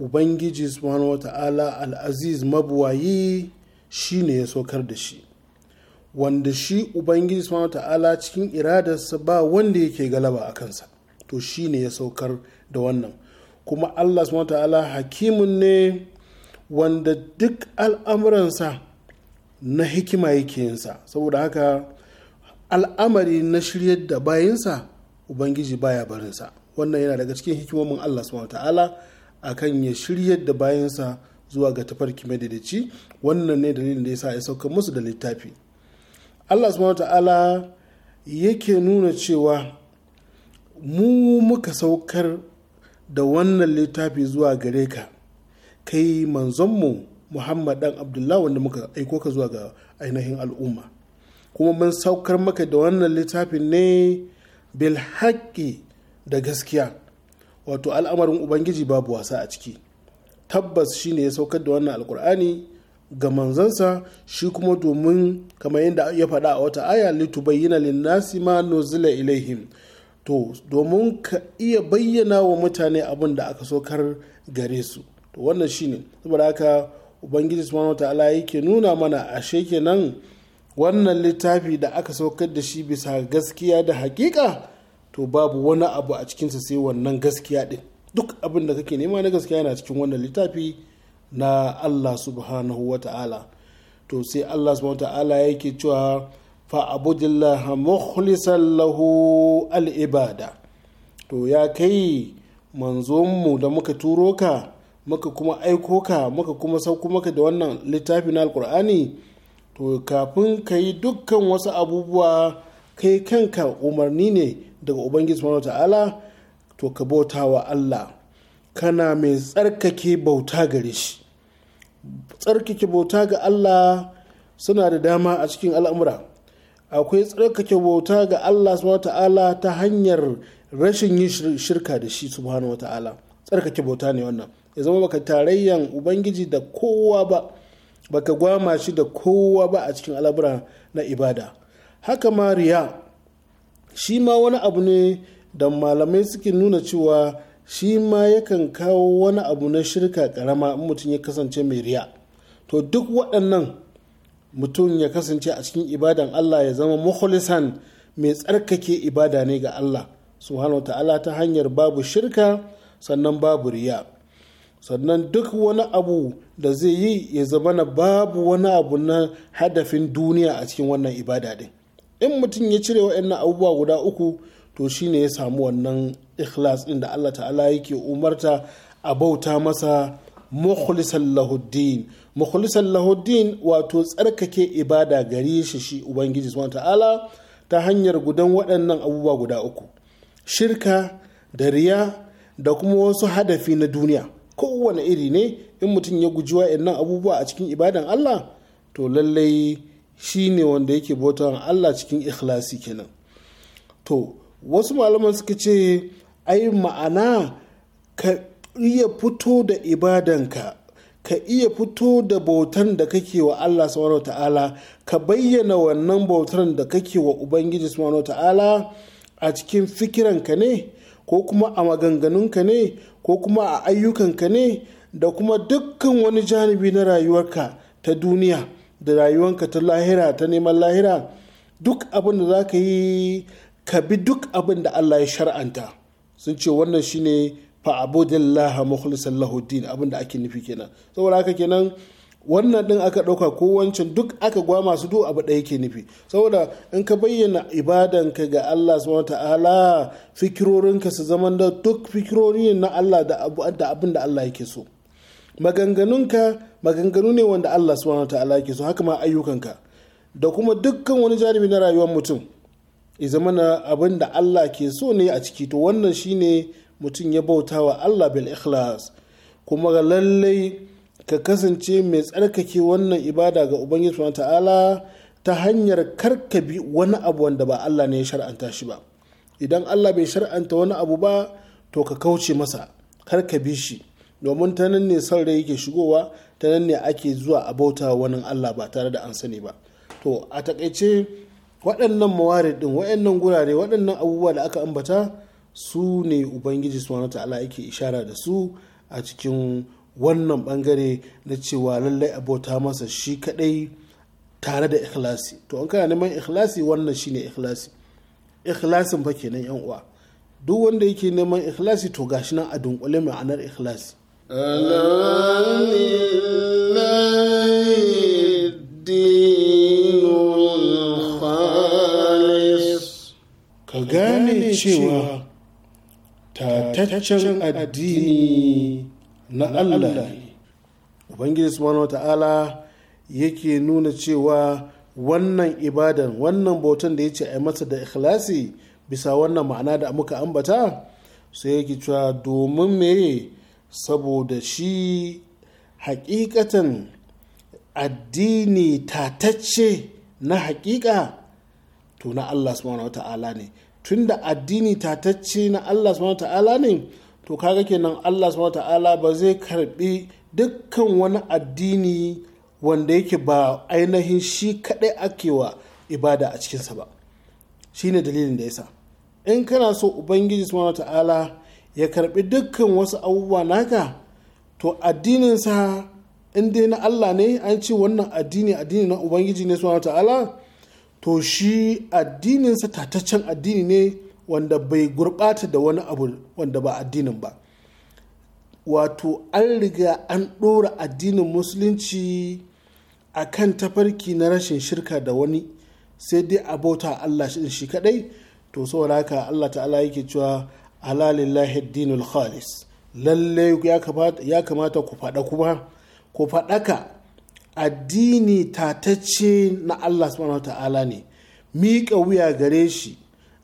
ubangiji subhanahu wata'ala al'aziz mabuwayi shi ne ya saukar da shi wanda shi ubangiji subhanahu ta'ala cikin iradarsa ba wanda yake galaba a kansa to shi ne ya saukar da wannan kuma allah subhanahu ta'ala hakimun ne wanda duk al'amuransa na hikima yake yinsa saboda haka al'amari na shiryar da bayansa ubangiji baya barinsa wannan yana daga cikin hikimomin allah subhanahu ta'ala akan ya shiryar da bayansa zuwa ga tafarki madadaci wannan ne dalilin da ya sa ya sauka musu da littafi Allah subhanahu ta'ala yake nuna cewa mu muka saukar da wannan littafi zuwa gare ka kai manzonmu muhammad dan Abdullahi wanda muka aiko ka zuwa ga ainihin al'umma kuma mun saukar maka da wannan littafin ne bilhaki da gaskiya wato al'amarin ubangiji babu wasa a ciki tabbas shine ya saukar da wannan alkur'ani ga manzansa shi kuma domin kamar yadda ya faɗa a wata aya litubayyana linnasi ma nuzila ilaihim to domin ka iya bayyana wa mutane abin da aka sokar gare su to wannan shine saboda haka ubangiji subhanahu ta'ala yake nuna mana ashe kenan wannan littafi da aka saukar da shi bisa gaskiya da hakika to babu wani abu a cikinsa sai wannan gaskiya din duk abin da kake nema na gaskiya yana cikin wannan littafi na Allah subhanahu wa ta'ala to sai Allah subhanahu wa ta'ala yake cewa fa abudillaha mukhlisan lahu al-ibada to ya kai manzonmu da muka turo ka muka kuma aiko ka muka kuma sauko maka da wannan littafi na alkur'ani to kafin ka yi dukkan wasu abubuwa kai kanka umarni ne daga ubangiji subhanahu ta'ala to ka bauta wa Allah kana mai tsarkake bauta gare shi tsarkake bauta ga Allah suna da dama a cikin al'amura akwai tsarkake bauta ga Allah su ta'ala ta hanyar rashin yin shirka da shi subhanahu ta'ala tsarkake bauta ne wannan ya zama baka tarayyan ubangiji da kowa ba baka gwama shi da kowa ba a cikin al'amura na ibada haka ma riya shi ma wani abu ne da malamai suke nuna cewa shi ma yakan kawo wani abu na shirka karama in mutum ya kasance mai riya to duk waɗannan mutum ya kasance a cikin ibadan Allah ya zama mukhlisan mai tsarkake ibada ne ga Allah subhanahu ta'ala ta hanyar babu shirka sannan babu riya sannan duk wani abu da zai yi ya zama na babu wani abu na hadafin duniya a cikin wannan ibada din in mutum ya cire waɗannan abubuwa guda uku to shine ya samu wannan ikhlas ɗin da Allah ta'ala yake umarta a bauta masa mukhlisan lahuddin mukhlisan lahuddin wato tsarkake ibada gare shi shi ubangiji subhanahu ta'ala ta hanyar gudan waɗannan abubuwa guda uku shirka da riya da kuma wasu hadafi na duniya kowane iri ne in mutum ya guji wa'annan abubuwa a cikin ibadan Allah to lallai shi ne wanda yake bautawa Allah cikin ikhlasi kenan to wasu malaman suka ce ai ma'ana ka iya fito da ibadanka ka iya fito da bautan da kake wa Allah subhanahu ta'ala ka bayyana wannan bautar da kake wa Ubangiji subhanahu ta'ala a cikin fikiranka ne ko kuma a maganganunka ne ko kuma a ayyukanka ne da kuma dukkan wani janibi na rayuwarka ta duniya da rayuwanka ta lahira ta neman lahira duk abin da za ka yi ka bi duk abin da Allah ya shar'anta sun ce wannan shine fa'abudillaha mukhlisan lahu din abin da ake nufi kenan saboda haka kenan wannan din aka dauka ko wancan duk aka gwa masu duk abu daya ke nufi saboda in ka bayyana ibadanka ga Allah subhanahu ta'ala fikirorinka su zaman da duk fikirori na Allah da abin da Allah yake so maganganunka maganganu ne wanda Allah subhanahu ta'ala yake so haka ma ayyukanka da kuma dukkan wani jarumi na rayuwar mutum ya zama na abin da Allah ke so ne a ciki to wannan shine mutum ya bauta wa Allah bil ikhlas kuma ga lallai ka kasance mai tsarkake wannan ibada ga ubangiji subhanahu ta'ala ta hanyar karkabi wani abu wanda ba Allah ne ya shar'anta shi ba idan Allah bai shar'anta wani abu ba to ka kauce masa karkabi shi domin ta nan ne son yake shigowa ta nan ne ake zuwa a bauta wani Allah ba tare da an sani ba to a takaice waɗannan mawarid din waɗannan gurare waɗannan abubuwa da aka ambata su ne ubangiji subhanahu ta'ala yake ishara da su a cikin wannan bangare na cewa lallai abota masa shi kadai tare da ikhlasi to an kana neman ikhlasi wannan shine ikhlasi ikhlasin fa kenan yan uwa duk wanda yake neman ikhlasi to gashi nan a dunkule ma'anar ikhlasi alamin ka gane cewa tataccen addini na Allah ne ubangiji subhanahu wa ta'ala yake nuna cewa wannan ibadan wannan bautan da ya ce a masa da ikhlasi bisa wannan ma'ana da muka ambata sai yake cewa domin me saboda shi hakikatan addini tatacce na hakika to na Allah subhanahu ta'ala ne tunda addini tatacce na Allah subhanahu ta'ala ne to kaga kenan Allah subhanahu ta'ala ba zai karbi dukkan wani addini wanda yake ba ainihin shi kadai ake wa ibada a cikinsa ba shine dalilin da yasa in kana so ubangiji subhanahu ta'ala ya karbi dukkan wasu abubuwa naka to addininsa in dai na Allah ne an ce wannan addini addini na ubangiji ne subhanahu ta'ala to shi addininsa tataccen addini ne wanda bai gurɓata da wani abu wanda ba addinin ba wato an riga an ɗora addinin musulunci a kan tafarki na rashin shirka da wani sai dai a bauta Allah shi kaɗai. to saboda haka Allah ta'ala yake cewa halalillahi dinul khalis Lallai ya kamata ku faɗa kuma ku faɗaka addini tatacce na Allah subhanahu ta'ala ne miƙa wuya gare shi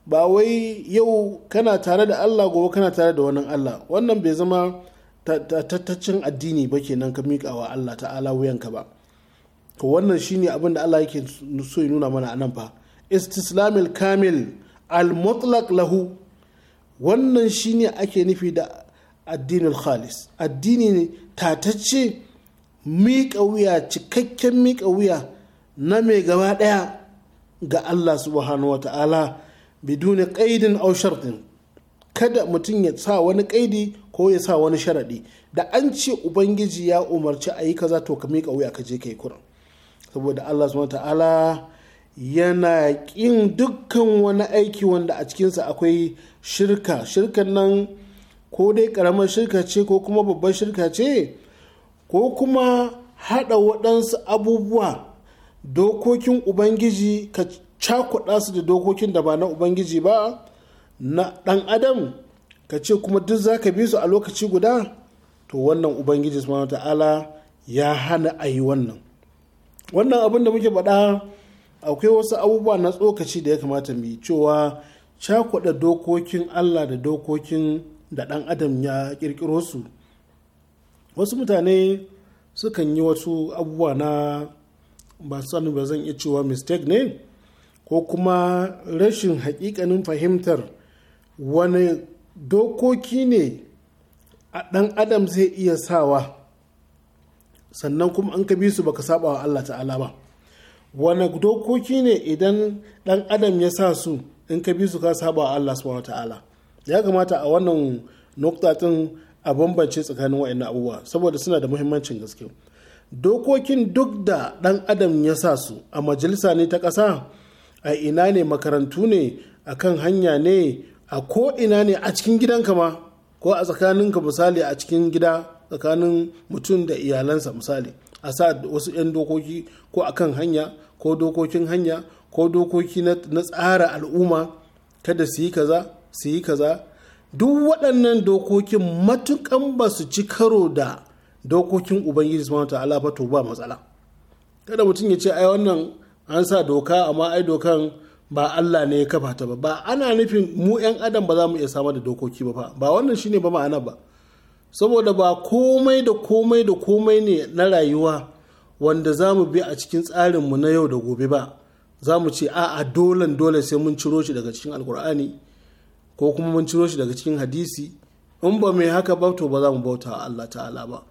ba wai yau kana tare da Allah gobe kana tare da wannan Allah wannan bai zama tattacin addini ba kenan ka miƙa wa Allah ta'ala wuyanka ba to wannan shine abin da Allah yake so ya nuna mana nan fa istislamil kamil al mutlaq lahu wannan shine ake nufi da addinin khalis addini ne tatacce miƙa wuya cikakken miƙa wuya na mai gaba ɗaya ga Allah subhanahu wa ta'ala biduna ƙaidin au kada mutum ya sa wani ƙaidi ko ya sa wani sharaɗi da an ce ubangiji ya umarci a yi kaza to ka miƙa wuya ka je ka yi kuran saboda Allah subhanahu wa ta'ala yana ƙin dukkan wani aiki wanda a cikinsa akwai shirka shirkan nan ko dai ƙaramar shirka ce ko kuma babbar shirka ce ko kuma haɗa waɗansu abubuwa dokokin ubangiji ka cakuɗa su da dokokin da ba na ubangiji ba na ɗan adam ka ce kuma duk za ka bi su a lokaci guda to wannan ubangiji subhanahu ta'ala ya hana a yi wannan wannan abin da muke faɗa akwai wasu abubuwa na tsokaci da ya kamata mu yi cewa cakuɗa dokokin allah da dokokin da ɗan adam ya ƙirƙiro su wasu mutane sukan yi wasu abubuwa na ba sani ba zan iya cewa mistake ne ko kuma rashin hakikanin fahimtar wani dokoki ne a ɗan adam zai iya sawa sannan kuma an ka bi su baka saba wa Allah ta'ala ba wani dokoki ne idan ɗan adam ya sa su in ka bi su ka saba wa Allah subhanahu ta'ala ya kamata a wannan nukta a bambance tsakanin wa'annan abubuwa saboda suna da muhimmancin gaske dokokin duk da dan adam ya sa su a majalisa ne ta kasa a ina ne makarantu ne a kan hanya ne a ko ina ne a cikin gidanka ma ko a tsakaninka misali a cikin gida tsakanin mutum da iyalansa misali a sa wasu 'yan dokoki ko a kan hanya ko dokokin hanya ko dokoki na tsara al'umma kada su yi kaza su yi kaza duk waɗannan dokokin matukan ba su ci karo da dokokin ubangiji subhanahu ta'ala ba to ba matsala kada mutum ya ce ai wannan an sa doka amma ai dokan ba Allah ne ya kafa ta ba ba ana nufin mu yan adam ba za mu iya samar da dokoki ba fa ba wannan shine ba ma'ana ba saboda ba komai da komai da komai ne na rayuwa wanda za mu bi a cikin tsarinmu na yau da gobe ba za mu ce a'a dolen dole sai mun ciro shi daga cikin alkur'ani ko kuma mun ciro shi daga cikin hadisi in ba mai haka ba to ba za mu bauta wa Allah ta'ala ba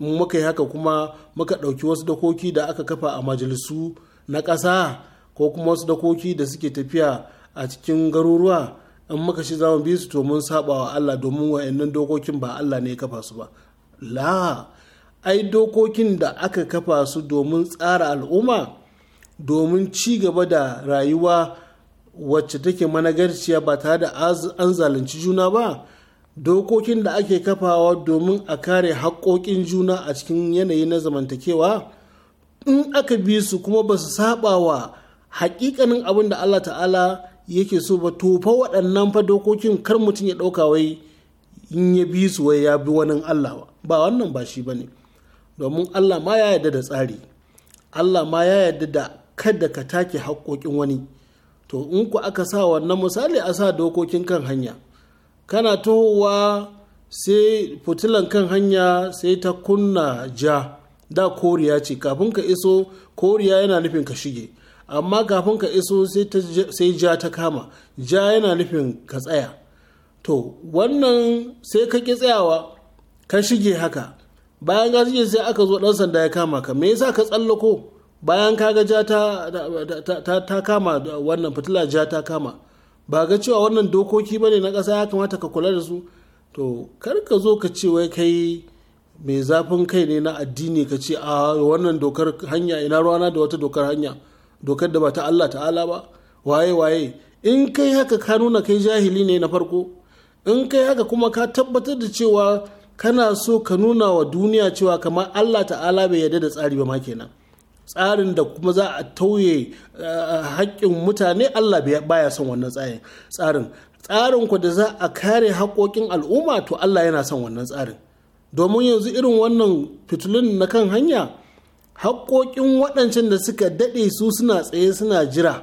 in muka yi haka kuma muka ɗauki wasu dokoki da aka kafa a majalisu na ƙasa ko kuma wasu dakoki da suke tafiya a cikin garuruwa in muka shi zamu bi su to mun saba wa Allah domin wa'annan dokokin ba Allah ne ya kafa su ba la ai dokokin da aka kafa su domin tsara al'umma domin ci gaba da rayuwa wacce take managarciya ba tare da an zalunci juna ba dokokin da ake kafawa domin a kare haƙoƙin juna a cikin yanayi na zamantakewa in aka bi su kuma ba su saba wa hakikanin abin da Allah ta'ala yake so ba tofa waɗannan fa dokokin kar mutum ya ɗauka wai in ya bi su wai ya bi wani Allah ba wannan ba shi ba ne domin Allah ma ya yarda da tsari Allah ma ya yarda da kada ka take haƙoƙin wani to in ku aka sa wannan misali a sa dokokin kan hanya kana tohowa sai fitilan kan hanya sai ta kunna ja da koriya ce kafin ka iso koriya yana nufin ka shige amma kafin ka iso sai ja ta kama ja yana nufin ka tsaya to wannan sai ka ki tsayawa ka shige haka bayan ka shige sai aka zo ɗan sanda ya kama ka me yasa ka tsallako bayan kaga ja ta, kama wannan fitila ja ta kama ba ga cewa wannan dokoki bane na kasa ya kamata ka kula da su to kar ka zo ka ce wai kai mai zafin kai ne na addini ka ce a wannan dokar hanya ina ruwana da wata dokar hanya dokar da ba ta Allah ta'ala ba waye waye in kai haka ka nuna kai jahili ne na farko in kai haka kuma ka tabbatar da cewa kana so ka nuna wa duniya cewa kamar Allah ta'ala bai yarda da tsari ba ma kenan tsarin da kuma za a tauye eh, haƙƙin mutane Allah baya son wannan tsarin tsarin ku da za a kare haƙoƙin al'umma to Allah yana son wannan tsarin domin yanzu irin wannan fitulun na kan hanya haƙoƙin waɗancan da suka daɗe su suna tsaye suna jira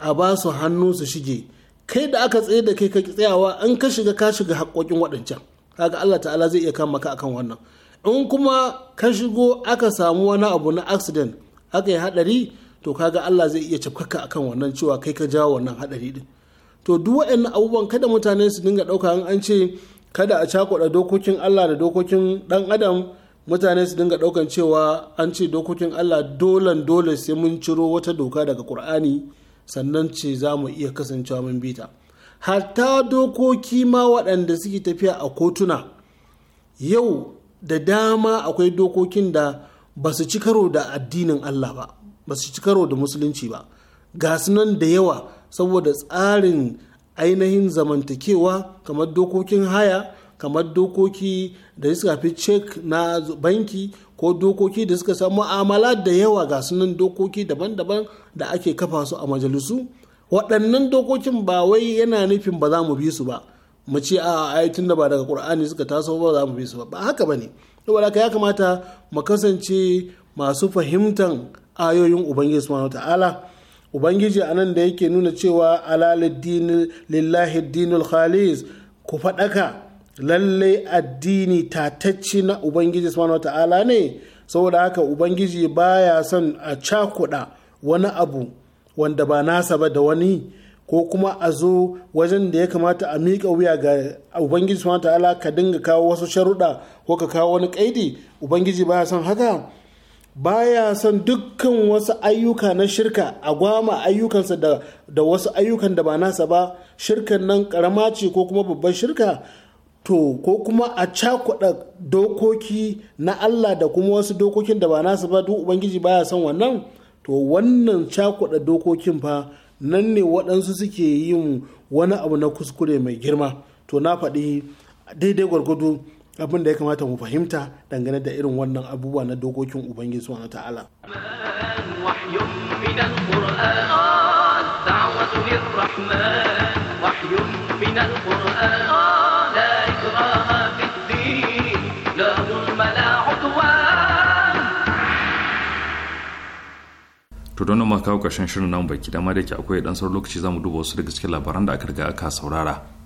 a ba su hannu su shige kai da aka tsaye da kai ka tsayawa an ka shiga ka shiga haƙoƙin waɗancan kaga Allah ta'ala zai iya kama ka akan wannan in kuma ka shigo aka samu wani abu na accident aka yi hadari to kaga Allah zai iya cafkaka akan wannan cewa kai ka jawo wannan hadari din to duk waɗannan abubuwan kada mutane su dinga ɗauka an ce kada a cakuɗa dokokin Allah da dokokin ɗan adam mutane su dinga ɗaukan cewa an ce dokokin Allah dolan dole sai mun ciro wata doka daga Kur'ani sannan ce za mu iya kasancewa mun bita hatta dokoki ma waɗanda suke tafiya a kotuna yau da dama akwai dokokin da ba su ci karo da addinin Allah ba ba su ci karo da musulunci ba ga nan da yawa saboda tsarin ainihin zamantakewa kamar dokokin haya kamar dokoki da suka fi cek na banki ko dokoki da suka samu mu'amala da yawa ga sunan dokoki daban-daban da ake kafa su a majalisu waɗannan dokokin ba wai yana nufin ba za mu bi su ba mu ce a ai da ba daga qur'ani suka taso ba za mu bi su ba ba haka bane saboda ka ya kamata mu kasance masu fahimtan ayoyin ubangiji subhanahu ta'ala ubangiji anan da yake nuna cewa alaluddin lillahi dinul khalis ku faɗaka lallai addini tatacci na ubangiji subhanahu ta'ala ne saboda haka ubangiji baya son a cakuda wani abu wanda ba nasa ba da wani ko kuma a zo wajen da ya kamata a miƙa wuya ga ubangiji subhanahu ta'ala ka dinga kawo wasu sharuɗa ko ka kawo wani ƙaidi ubangiji baya son haka baya son dukkan wasu ayyuka na shirka a gwama ayyukansa da, da wasu ayyukan da ba nasa ba shirkan nan karama ce ko kuma babban shirka to ko kuma a cakuɗa dokoki na Allah da kuma wasu dokokin da ba nasa ba duk ubangiji baya son wannan to wannan cakuɗa dokokin fa nan ne waɗansu suke yin wani abu na kuskure mai girma to na faɗi daidai gwargwado abin da ya kamata mu fahimta dangane da irin wannan abubuwa na dokokin ubangiji subhanahu ta'ala من to don ma kawo karshen shirin namu baki dama da ke akwai dan sauran lokaci zamu duba wasu daga cikin labaran da aka riga aka saurara